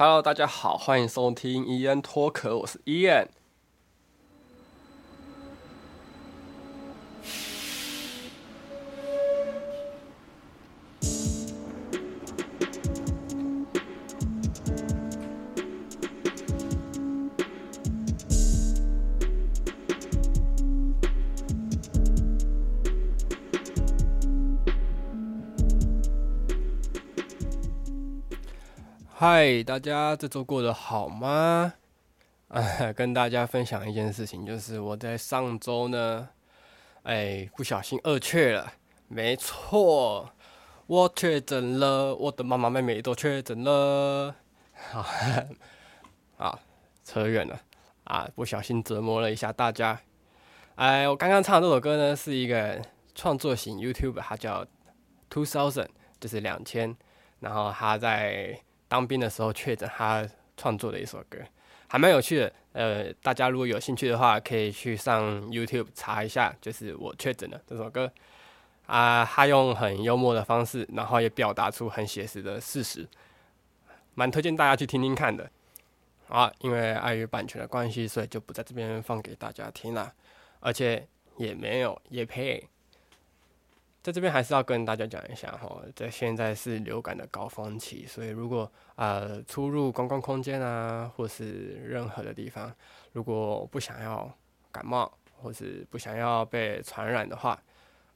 Hello，大家好，歡迎收聽 Ian Talk，我是 Ian。嗨，大家這週過得好嗎？呃，跟大家分享一件事情，就是我在上週呢，哎，不小心二確了。沒錯，我確診了，我的媽媽、妹妹都確診了。啊 扯遠了啊，不小心折磨了一下大家。哎，我剛剛唱這首歌呢，是一個創作型 YouTube，它叫 Two Thousand，就是兩千。然後他在當兵的時候確診，他創作的一首歌，還蠻有趣的。呃，大家如果有興趣的話，可以去上 YouTube 查一下，就是我確診了這首歌。啊，他用很幽默的方式，然後也表達出很寫實的事實，蠻推薦大家去聽聽看的。啊，因為礙於版權的關係，所以就不在這邊放給大家聽了，啊，而且也沒有業配。在這邊還是要跟大家講一下哈，在現在是流感的高峰期，所以如果呃出入公共空間啊，或是任何的地方，如果不想要感冒，或是不想要被傳染的話，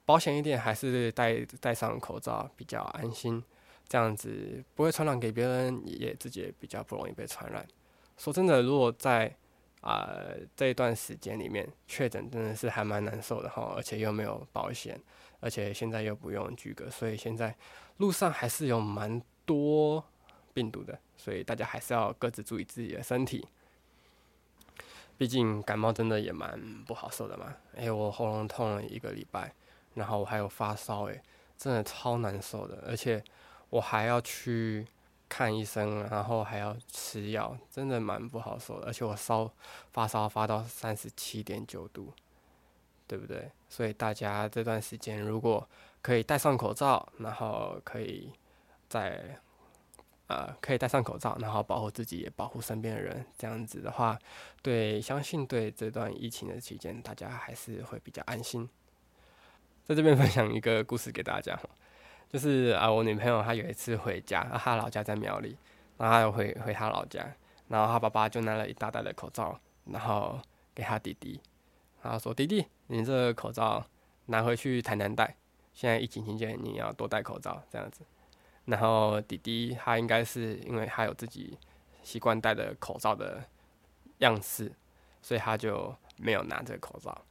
保險一點還是戴戴上口罩比較安心，這樣子不會傳染給別人，也自己也比較不容易被傳染。說真的，如果在啊、呃、這一段時間裡面確診，確診真的是還蠻難受的哈，而且又沒有保險。而且現在又不用居隔，所以現在路上還是有蠻多病毒的，所以大家還是要各自注意自己的身體。畢竟感冒真的也蠻不好受的嘛。哎、欸，我喉嚨痛了一個禮拜，然後我還有發燒，誒，真的超難受的。而且我還要去看醫生，然後還要吃藥，真的蠻不好受的。而且我燒發燒發到三十七點九度。對不對？所以大家這段時間如果可以戴上口罩，然後可以在呃可以戴上口罩，然後保護自己，也保護身邊的人，這樣子的話，對，相信對這段疫情的期間，大家還是會比較安心。在這邊分享一個故事給大家，就是啊，我女朋友她有一次回家，她、啊、老家在苗栗，然後她回回她老家，然後她爸爸就拿了一大袋的口罩，然後給她弟弟。他說：“弟弟，你這個口罩拿回去談談戴，現在疫情期間你要多戴口罩這樣子。”然後弟弟他應該是因為他有自己習慣戴的口罩的樣式，所以他就沒有拿這個口罩。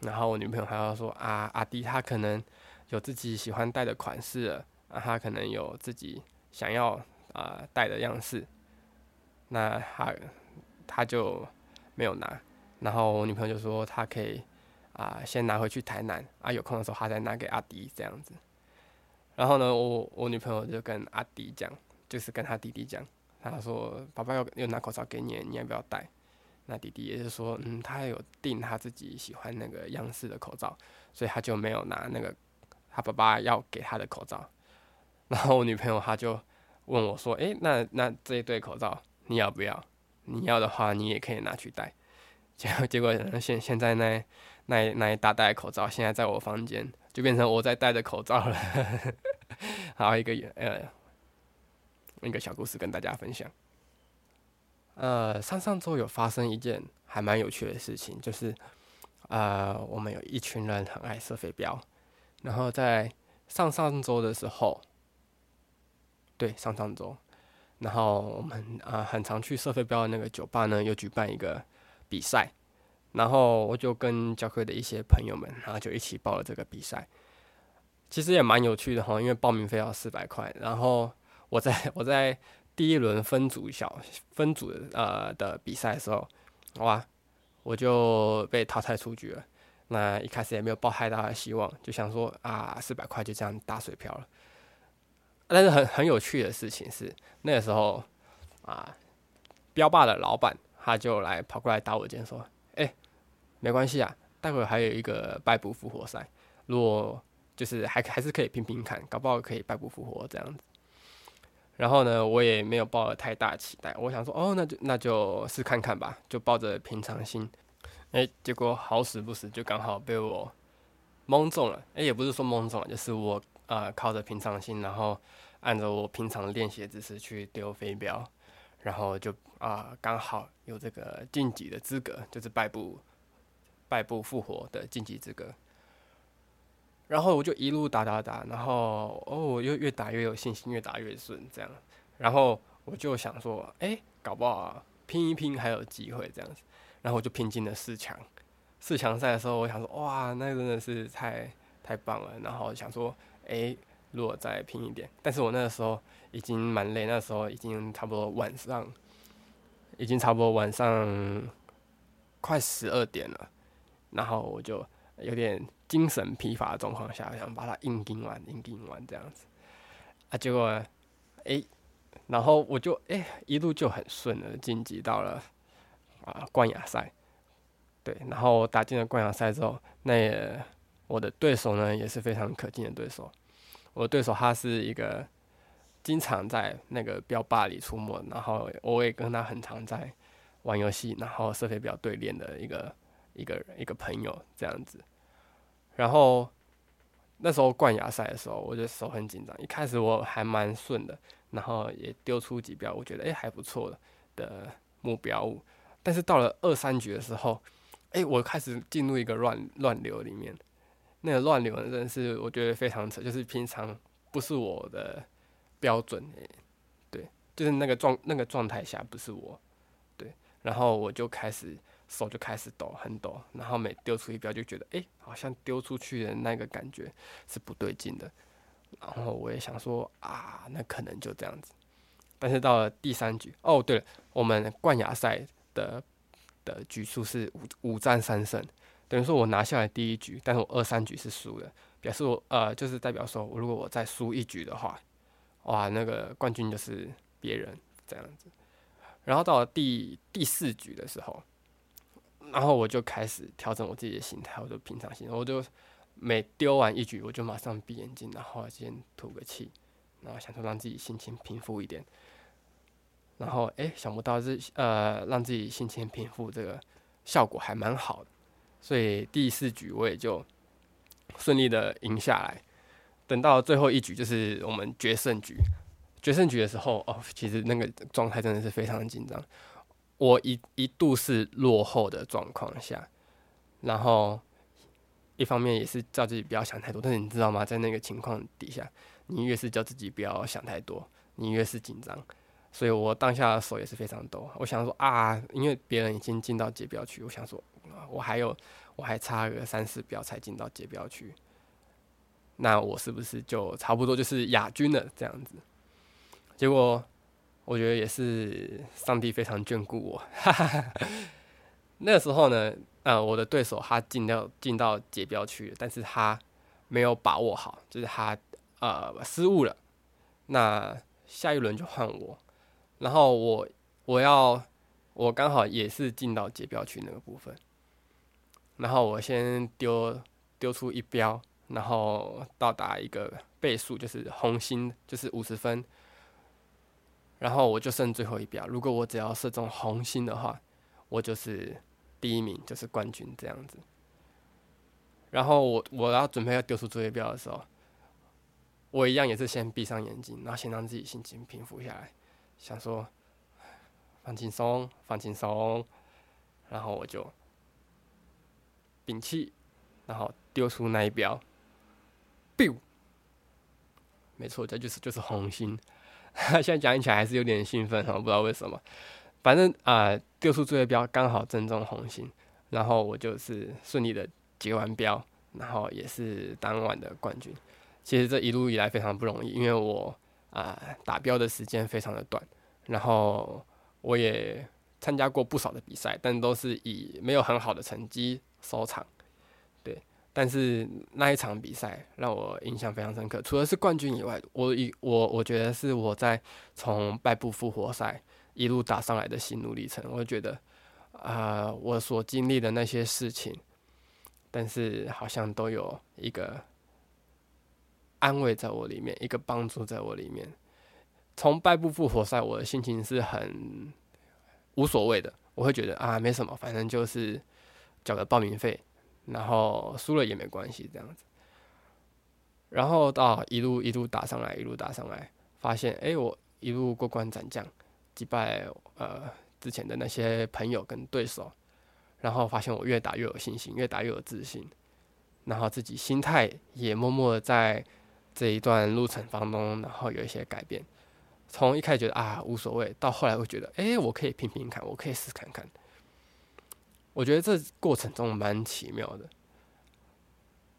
然後我女朋友還要說：“啊，阿弟他可能有自己喜歡戴的款式，啊，他可能有自己想要啊、呃、戴的樣式，那他他就沒有拿。”然後我女朋友就說：“她可以啊，呃，先拿回去台南啊，有空的時候她再拿給阿迪這樣子。”然後呢，我我女朋友就跟阿迪講，就是跟她弟弟講，她說：“爸爸要有，有拿口罩給你，你要不要戴？”那弟弟也是說：“嗯，他有訂他自己喜歡那個樣式的口罩，所以他就沒有拿那個他爸爸要給他的口罩。”然後我女朋友他就問我說：“哎，那那這一對口罩你要不要？你要的話，你也可以拿去戴。”結 結果現現在那那那一大袋口罩現在在我房間，就變成我在戴着口罩了 好。好一個呃一個小故事跟大家分享。呃，上上周有發生一件還蠻有趣的事情，就是呃我們有一群人很愛射飛鏢，然後在上上周的時候，對上上周，然後我們啊、呃、很常去射飛鏢的那個酒吧呢，又舉辦一個。比賽，然後我就跟教會的一些朋友們，然後就一起報了這個比賽。其實也蠻有趣的哈，因為報名費要四百塊。然後我在我在第一輪分組小分組的呃的比賽的時候，哇，我就被淘汰出局了。那一開始也沒有抱太大的希望，就想說啊，四百塊就這樣打水漂了。啊，但是很很有趣的事情是，那個時候啊，標霸的老闆。他就來跑過來打我肩說：“哎、欸，沒關係啊，待會還有一個敗部復活賽，如果就是還還是可以拼拼看，搞不好可以敗部復活這樣子。”然後呢，我也沒有抱了太大期待，我想說：“哦，那就那就試看看吧，就抱着平常心。”欸，哎，結果好死不死就剛好被我蒙中了。哎、欸，也不是說蒙中了，就是我啊，呃，靠着平常心，然後按照我平常練習姿勢去丟飛鏢。然後就啊、呃，剛好有這個晉級的資格，就是敗部敗部復活的晉級資格。然後我就一路打打打，然後哦，我又越打越有信心，越打越順這樣。然後我就想說，哎，搞不好、啊、拼一拼還有機會這樣子。然後我就拼進了四強，四強賽的時候，我想說，哇，那真的是太太棒了。然後想說，哎。如果再拼一點，但是我那個時候已經蠻累，那時候已經差不多晚上，已經差不多晚上快十二點了，然後我就有點精神疲乏的狀況下，想把它硬拼完，硬拼完這樣子，啊，結果，哎、欸，然後我就哎、欸、一路就很順的晉級到了啊冠亞賽，對，然後打進了冠亞賽之後，那也我的對手呢也是非常可敬的對手。我對手他是一個經常在那個標靶裡出沒，然後我也跟他很常在玩遊戲，然後設備比較對練的一個一個一個朋友這樣子。然後那時候冠亞賽的時候，我就手很緊張。一開始我還蠻順的，然後也丟出幾鏢，我覺得哎、欸、還不錯的的目標物。但是到了二三局的時候、欸，哎我開始進入一個亂亂流裡面。那個亂流真的是，我覺得非常扯，就是平常不是我的標準誒、欸，對，就是那個狀那個狀態下不是我，對，然後我就開始手就開始抖，很抖，然後每丟出一鏢就覺得，哎、欸，好像丟出去的那個感覺是不對勁的，然後我也想說啊，那可能就這樣子，但是到了第三局，哦，對了，我們冠亞賽的的局數是五五戰三勝。等於說，我拿下來第一局，但是我二三局是輸的，表示我呃，就是代表說，我如果我再輸一局的話，哇，那個冠軍就是別人這樣子。然後到了第第四局的時候，然後我就開始調整我自己的心態，我就平常心，我就每丟完一局，我就馬上閉眼睛，然後先吐個氣，然後想說讓自己心情平復一點。然後哎、欸，想不到這呃，讓自己心情平復這個效果還蠻好的。所以第四局我也就順利的贏下來。等到最後一局，就是我們決勝局，決勝局的時候哦，其實那個狀態真的是非常緊張。我一一度是落後的狀況下，然後一方面也是叫自己不要想太多。但是你知道嗎？在那個情況底下，你越是叫自己不要想太多，你越是緊張。所以我當下的手也是非常抖。我想說啊，因為別人已經進到解標區，我想說。啊我還有，我還差個三四標才進到截標區，那我是不是就差不多就是亞軍了這樣子？結果我覺得也是上帝非常眷顧我。哈哈那時候呢，啊，我的對手他進到進到截標區了，但是他沒有把握好，就是他呃失誤了。那下一輪就換我，然後我我要我剛好也是進到截標區那個部分。然後我先丟丟出一鏢，然後到達一個倍數，就是紅心，就是五十分。然後我就剩最後一鏢，如果我只要射中紅心的話，我就是第一名，就是冠軍這樣子。然後我我要準備要丟出最後一鏢的時候，我一樣也是先閉上眼睛，然後先讓自己心情平復下來，想說放輕鬆，放輕鬆。然後我就。屏氣，然後丟出那一鏢，咻沒錯，這就是就是紅心哈， 現在講起來還是有點興奮哈，不知道為什麼。反正啊、呃，丟出最後一鏢剛好正中紅心，然後我就是順利的結完鏢，然後也是當晚的冠軍。其實這一路以來非常不容易，因為我啊、呃、打鏢的時間非常的短，然後我也參加過不少的比賽，但都是以沒有很好的成績。收場，對，但是那一場比賽讓我印象非常深刻。除了是冠軍以外，我一我我覺得是我在從敗部復活賽一路打上來的心路歷程。我覺得，啊、呃，我所經歷的那些事情，但是好像都有一個安慰在我裡面，一個幫助在我裡面。從敗部復活賽，我的心情是很無所謂的，我會覺得啊，沒什麼，反正就是。繳的報名費，然後輸了也沒關係，這樣子，然後到、哦、一路一路打上來，一路打上來，發現，哎，我一路過關斬將，擊敗呃之前的那些朋友跟對手，然後發現我越打越有信心，越打越有自信，然後自己心態也默默的在這一段路程當中，然後有一些改變，從一開始覺得啊無所謂，到後來會覺得，哎，我可以拼拼看，我可以試試看看。我覺得這過程中蠻奇妙的。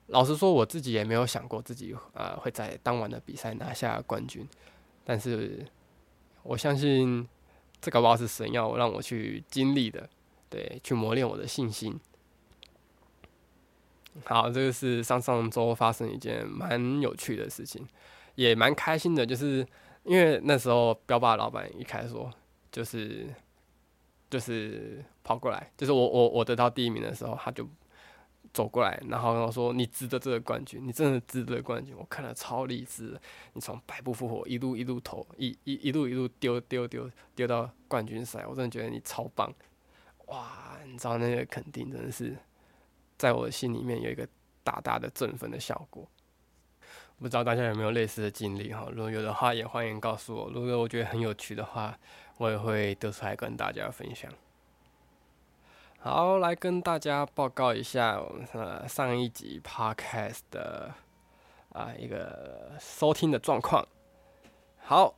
老實說，我自己也沒有想過自己呃會在當晚的比賽拿下冠軍，但是我相信這搞不好是神要我讓我去經歷的，對，去磨練我的信心。好，這個是上上周發生一件蠻有趣的事情，也蠻開心的，就是因為那時候標霸老板一開始說，就是。就是跑過來，就是我我我得到第一名的時候，他就走過來，然後然後說：“你值得這個冠軍，你真的值得這個冠軍。”我看了超勵志，你從敗部復活一路一路投一一一路一路丟丢丢丟到冠軍賽，我真的覺得你超棒，哇！你知道那個肯定真的是在我的心裡面有一個大大的振奮的效果。不知道大家有沒有類似的經歷哈？如果有的話，也歡迎告訴我。如果我覺得很有趣的話，我也會丟出來跟大家分享。好，來跟大家報告一下我們上上一集 Podcast 的啊一個收聽的狀況。好，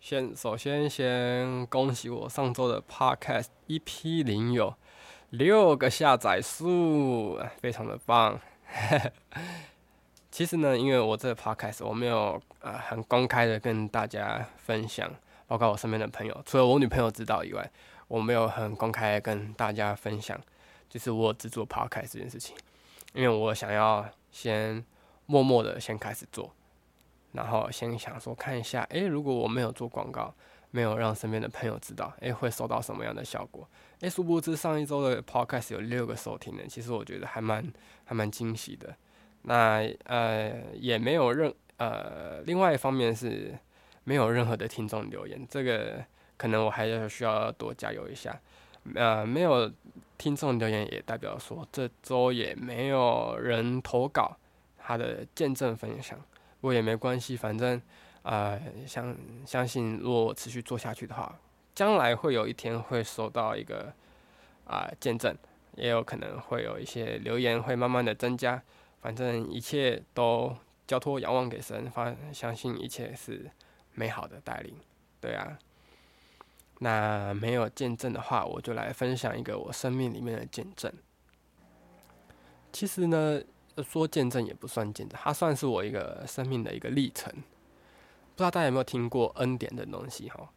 先首先先恭喜我上周的 Podcast EP 零有六個下載數，非常的棒。 其實呢，因為我這個 podcast 我沒有呃很公開的跟大家分享，包括我身邊的朋友，除了我女朋友知道以外，我沒有很公開跟大家分享，就是我製作 podcast 這件事情，因為我想要先默默的先開始做，然後先想說看一下，誒、欸，如果我沒有做廣告，沒有讓身邊的朋友知道，誒、欸，會收到什麼樣的效果？誒、欸，殊不知上一周的 podcast 有六個收聽的，其實我覺得還蠻還蠻驚喜的。那呃也沒有任呃，另外一方面是沒有任何的聽眾留言，這個可能我還要需要多加油一下。呃，沒有聽眾留言也代表說，這周也沒有人投稿他的見證分享，不過也沒關係，反正啊、呃、相相信如果我持續做下去的話，將來會有一天會收到一個啊、呃、見證，也有可能會有一些留言會慢慢的增加。反正一切都交托仰望給神，發相信一切是美好的帶領，對啊。那沒有見證的話，我就來分享一個我生命裡面的見證。其實呢，說見證也不算見證，它算是我一個生命的一個歷程。不知道大家有沒有聽過恩典的東西？哈，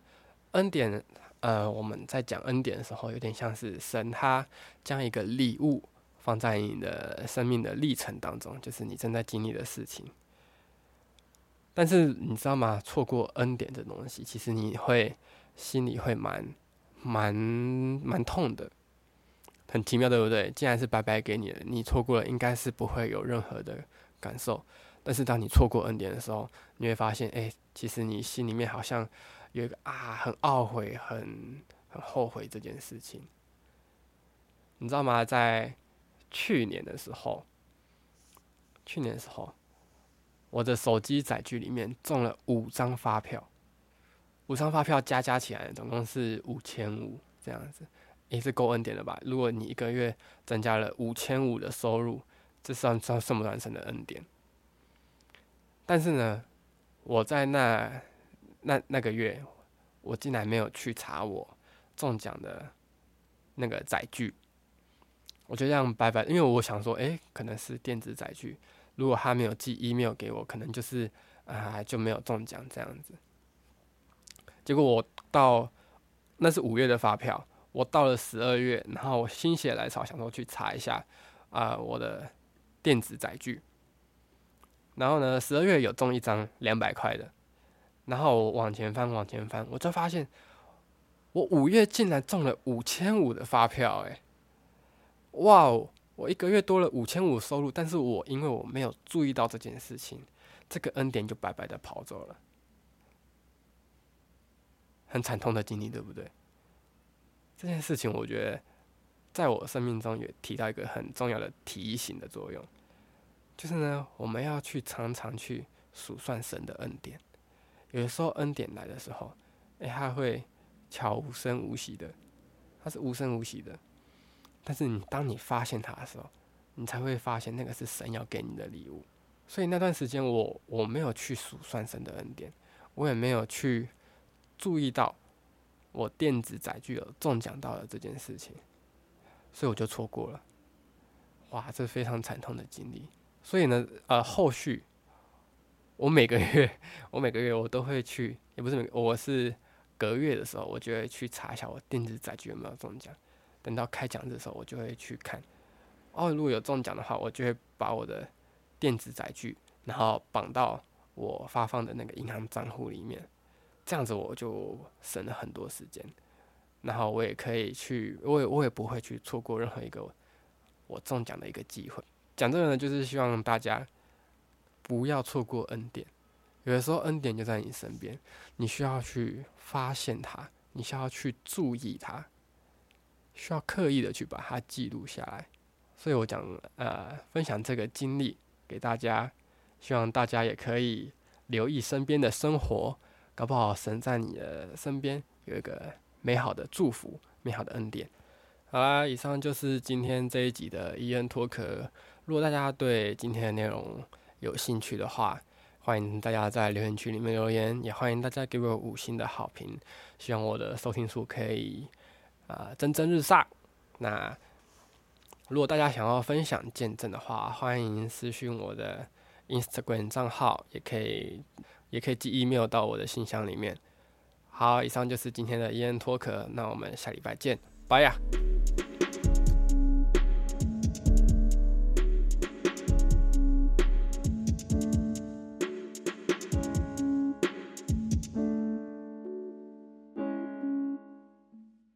恩典，呃，我們在講恩典的時候，有點像是神他將一個禮物。放在你的生命的歷程當中，就是你正在經歷的事情。但是你知道嗎？錯過恩典這東西，其實你會心裡會蠻蠻蠻痛的，很奇妙，對不對？既然是白白給你了，你錯過了，應該是不會有任何的感受。但是當你錯過恩典的時候，你會發現，哎、欸，其實你心裡面好像有一個啊，很懊悔，很很後悔這件事情。你知道嗎？在去年的時候，去年的時候，我的手機載具裡面中了五張發票，五張發票加加起來總共是五千五，這樣子也、欸、是夠恩典了吧？如果你一個月增加了五千五的收入，這算算算不算是神的恩典？但是呢，我在那那那個月，我竟然沒有去查我中獎的那個載具。我就這樣拜拜，因為我想說，哎、欸，可能是電子載具，如果他沒有寄 email 給我，可能就是啊、呃、就沒有中獎這樣子。結果我到那是五月的發票，我到了十二月，然後我心血來潮想說去查一下啊、呃、我的電子載具。然後呢，十二月有中一張兩百塊的，然後我往前翻往前翻，我就發現我五月竟然中了五千五的發票，欸。哎。哇哦！我一個月多了五千五收入，但是我因為我沒有注意到這件事情，這個恩典就白白的跑走了，很慘痛的經歷，對不對？這件事情我覺得在我生命中也提到一個很重要的提醒的作用，就是呢，我們要去常常去數算神的恩典。有的時候恩典來的時候，誒、欸，他會悄無聲無息的，他是無聲無息的。但是你當你發現它的時候，你才會發現那個是神要給你的禮物。所以那段時間我我沒有去數算神的恩典，我也沒有去注意到我電子載具有中獎到的這件事情，所以我就錯過了。哇，這是非常慘痛的經歷。所以呢，呃，後續我每個月我每個月我都會去，也不是每個我是隔月的時候，我就會去查一下我電子載具有沒有中獎。等到開獎的時候，我就會去看。哦，如果有中獎的話，我就會把我的電子載具，然後綁到我發放的那個銀行賬戶裡面。這樣子我就省了很多時間，然後我也可以去，我也我也不會去錯過任何一個我，我中獎的一個機會。講這個呢，就是希望大家不要錯過恩典。有的時候恩典就在你身邊，你需要去發現它，你需要去注意它。需要刻意的去把它記錄下來，所以我講，呃，分享這個經歷給大家，希望大家也可以留意身邊的生活，搞不好神在你的身邊有一個美好的祝福，美好的恩典。好啦，以上就是今天這一集的伊恩脫殼。如果大家對今天的內容有興趣的話，歡迎大家在留言區裡面留言，也歡迎大家給我五星的好評，希望我的收聽數可以。啊、呃，蒸蒸日上。那如果大家想要分享見證的話，歡迎私訊我的 Instagram 賬號，也可以也可以寄 email 到我的信箱裡面。好，以上就是今天的 En Talk，那我們下禮拜見，拜呀、啊！